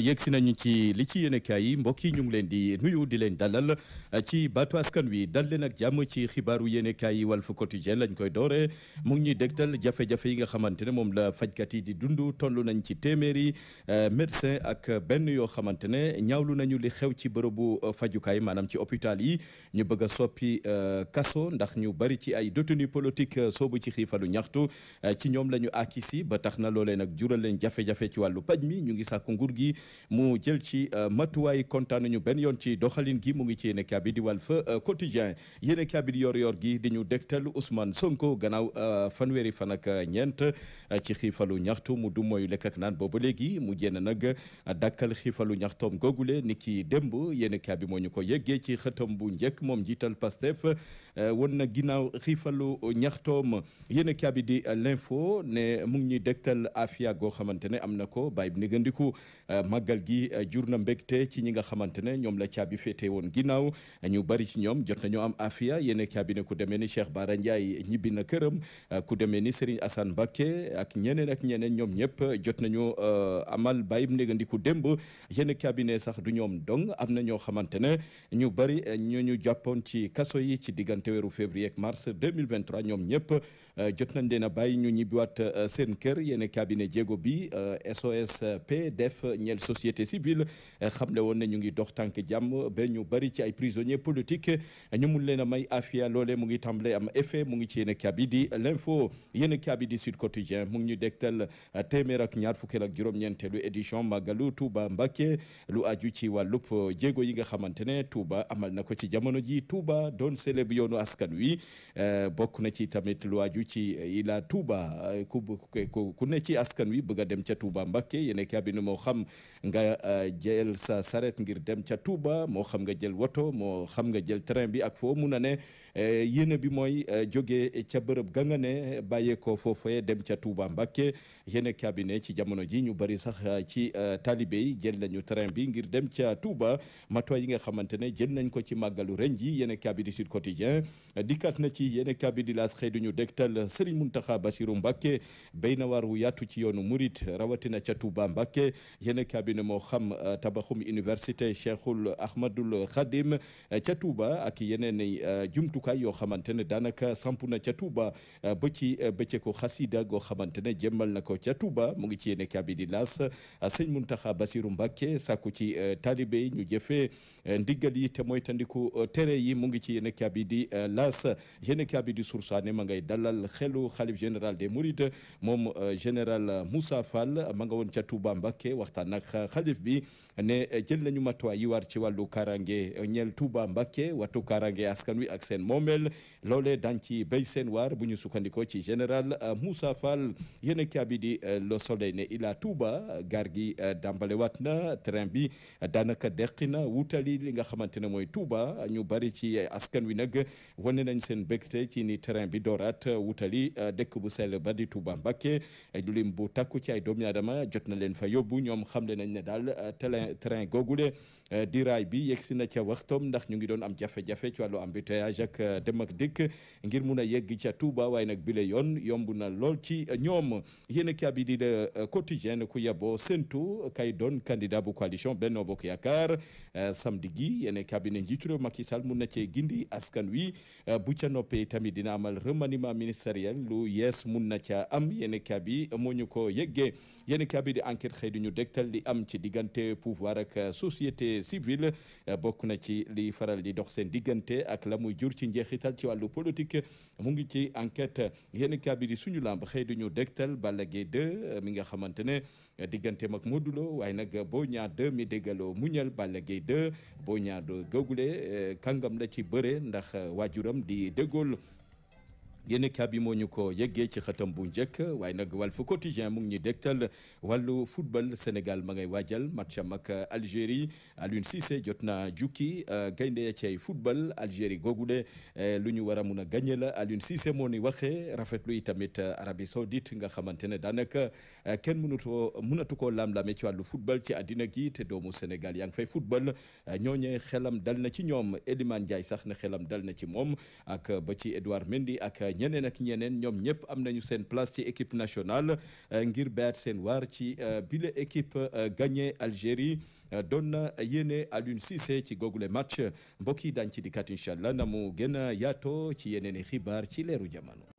yëgsi nañu ci li ci yéenekaay yi mbokk yi ñu ngi leen di nuyu di leen dalal eh, ci baatu askan wi dal leen ak jàmm ci xibaaru yéenekaay yi Walf Quotidien lañ koy doore mu ngi ñuy dégtal jafe-jafe yi nga xamante ne moom fajkat yi di dund toll nañ ci téeméeri eh, médecin ak benn yoo xamante ne ñaawlu nañu li xew ci bërëbu eh, fajukaay maanaam ci hôpital yi ñu bëgg a soppi kaso ndax ñu bari ci ay détenu politique soobu ci xiifalu ñaxtu ci ñoom la ñu akisi ba tax na loolee nag jural leen jafe ci wàllu paj mi ñu ngi sàkku ngur gi mu jël ci euh, matuwaay kontaan nu ñu benn yoon ci doxalin gi mu ngi ci yéen a bi di Walf euh, Quotidien yéen a bi di yor-yor gi di ñu dégtal Ousmane Sonko gannaaw euh, fanweeri fan ñeent ci xiifalu ñaxtu mu du mooy lekk ak naan boobu léegi mu génn nag dakkal xiifalu ñaxtoom googule ni ki démb yenn a bi moo ñu ko yeggee ci xëtam bu njëkk moom njiital Pastef won na ginnaaw xiifalu ñaxtoom yéen a bi di l'info ne mu ngi ñuy dégtal afia goo xamante ne am na ko bàyyi màggal gi eh, jur na mbégte ci ñi nga xamante ne ñoom la caabi féete woon ginnaaw eh, ñu bari ci ñoom jot nañoo am afiya yéen caabi ne ku demee ni Cheikh Bara Ndiaye na këram eh, ku demee ni Serigne Assane Mbacké ak ñeneen ak ñeneen ñoom ñëpp jot nañu amal bàyyib négandiku démb yéen caabi ne sax du ñoom dong am na ñoo xamante ne ñu bari ñu ñu jàppoon ci kaso yi ci diggante weeru février ak mars 2023 ñoom ñëpp jot nañ leen a bàyyi ñu ñibbiwaat seen kër yéen caabi ne jéego bi SOSP def société civile xamle woon ne ñu ngi dox tànk jàmm ba ñu bari ci ay prisonniers politiques ñu mun leen may afia loole mu ngi tàmbale am effet mu ngi ci yéen kabi di l'info yéen kabi di Sud Quotidien mu ngi ñu dégtal téeméer ak ñaar fukki ak juróom-ñeenteelu édition Magalu Touba Mbacké lu aju ci wàllub jéego yi nga xamante ne Touba amal na ko ci jamono ji Touba doon célèbre yoonu askan wi bokk na ci tamit lu aju ci ila Touba ku ku ne ci askan wi bëgg a dem ca Touba Mbacké yéen kabi nu moo xam nga euh, jël sa saret ngir dem ca Touba moo xam nga jël woto moo xam nga jël train bi ak foo mun a ne euh, yéene bi mooy euh, jóge ca bërëb ga nga ne bàyyeekoo foofee dem ca Touba Mbacké yéene cabinet ci jamono ji ñu bari sax ci taalibe yi jël nañu train bi ngir dem ca Touba matuwaay yi nga xamante ne jël nañ ko ci màggalu ren ji yéene cabinet Sud Quotidien dikkaat na ci yéene cabinet L'As xëy ñu dégtal Serigne Mountakha Bassirou Mbacké béy na waar wu yaatu ci yoonu Murit rawatina ca Touba Mbacké yéene cabinet ne moo xam euh, tabaxum université Cheikhul Ahmadul Khadim euh, ca Touba ak yeneen i euh, jumtukaay yoo xamante ne daanaka samp na ca Touba ba ci bëccëgu xasida goo xamante ne jëmmal na ko ca Touba mu ngi ci yéene kaabi di las sëñ Muntaxa Basiru Mbàkke sàkku ci taalibe yi ñu jëfee ndigal yi te moytandiku tere yi mu ngi ci yéene kaabi di las yéene kaabi di sursaane ma ngay dalal xelu xalif général des Mourides moom général Moussa Fall ma nga woon ca Touba Mbàkke waxtaan xalif bi ne eh, jël nañu matuwaay yi war ci wàllu karange eh, ñeel Touba Mbacké wattu karange askan wi ak seen moomeel loolee dañ ci bay seen waar bu ñu sukkandikoo ci général eh, Moussa Fall yéen kaabi di Le Soleil ne ila Touba gaar gi dambalewaat na train bi daanaka deqi na wutali li nga xamante ne mooy Touba ñu bari ci askan wi nag wane nañ seen bégte ci ni train bi dooraat wutali dëkk bu sell ba di Touba Mbacké lim bu takku ci ay doom aadama jot na leen fa yóbbu ñoom xam le nañ ne daal euh, train train googule euh, di raay bi yegsi na ca waxtoom ndax ñu ngi doon am jafe-jafe ci wàllu am ak euh, dem ak dikk ngir mun a yegg ca Touba waaye nag bile yoon yomb na lool ci ñoom yéen a bi di le quotidien ku yabo sentu kay doon candidat bu coalition Benno Bokk Yaakaar samedi gi yéen kabi bi ne njiitu réew Macky Sall mun na cee gindi askan wi bu ca noppee tamit dina amal remaniement ministériel lu yees mun na ca am yéen a bi moo ko yeggee yéen a bi di enquête xëy ñu dégtal li am. ci diggante pouvoir ak euh, société civile euh, bokk na ci li faral di dox seen diggante ak la muy jur ci njeexital ci wàllu politique mu ngi ci enquête yenn kabiri suñu lamb xëy du ñu dégtal Balla Gaye euh, mi nga xamante ne diggante mag Modou Lo waaye nag boo ñaar 2 mi déggaloo muñal Balla Gaye 2 boo ñaar googule kàngam la ci bëre ndax waajuram di déggool yéenekaay bi moo ñu ko yeggee ci xatam bu njëkk waaye nag Walf Quotidien mu ngi ñuy dégtal wàllu football Sénégal ma ngay waajal match am ak Algérie Aliou Cissé jot na jukki euh, gaynde ci football Algérie googu de euh, lu ñu war a mun a gagné la Aliou Cissé moo ni waxee rafetlu yi tamit euh, Arabie Saoudite nga xamante ne daanaka kenn mënutoo mënatu koo lam-lame ci wàllu football ci àddina gi te doomu Sénégal yaa ngi fay football ñooñee xelam dal na ci ñoom Elimane Ndiaye sax ne xelam dal na ci moom ak ba ci Edouard Mendy ak. ñeneen ak ñeneen ñoom ñëpp am nañu seen place ci équipe nationale euh, ngir baat seen waar ci euh, bile équipe euh, gagné Algérie doon na yéene Aliou Cissé ci googule match mbokk yi daañu ci dikkaat incha allah na mu gën a yaatoo ci yeneen i xibaar ci leeru jamono.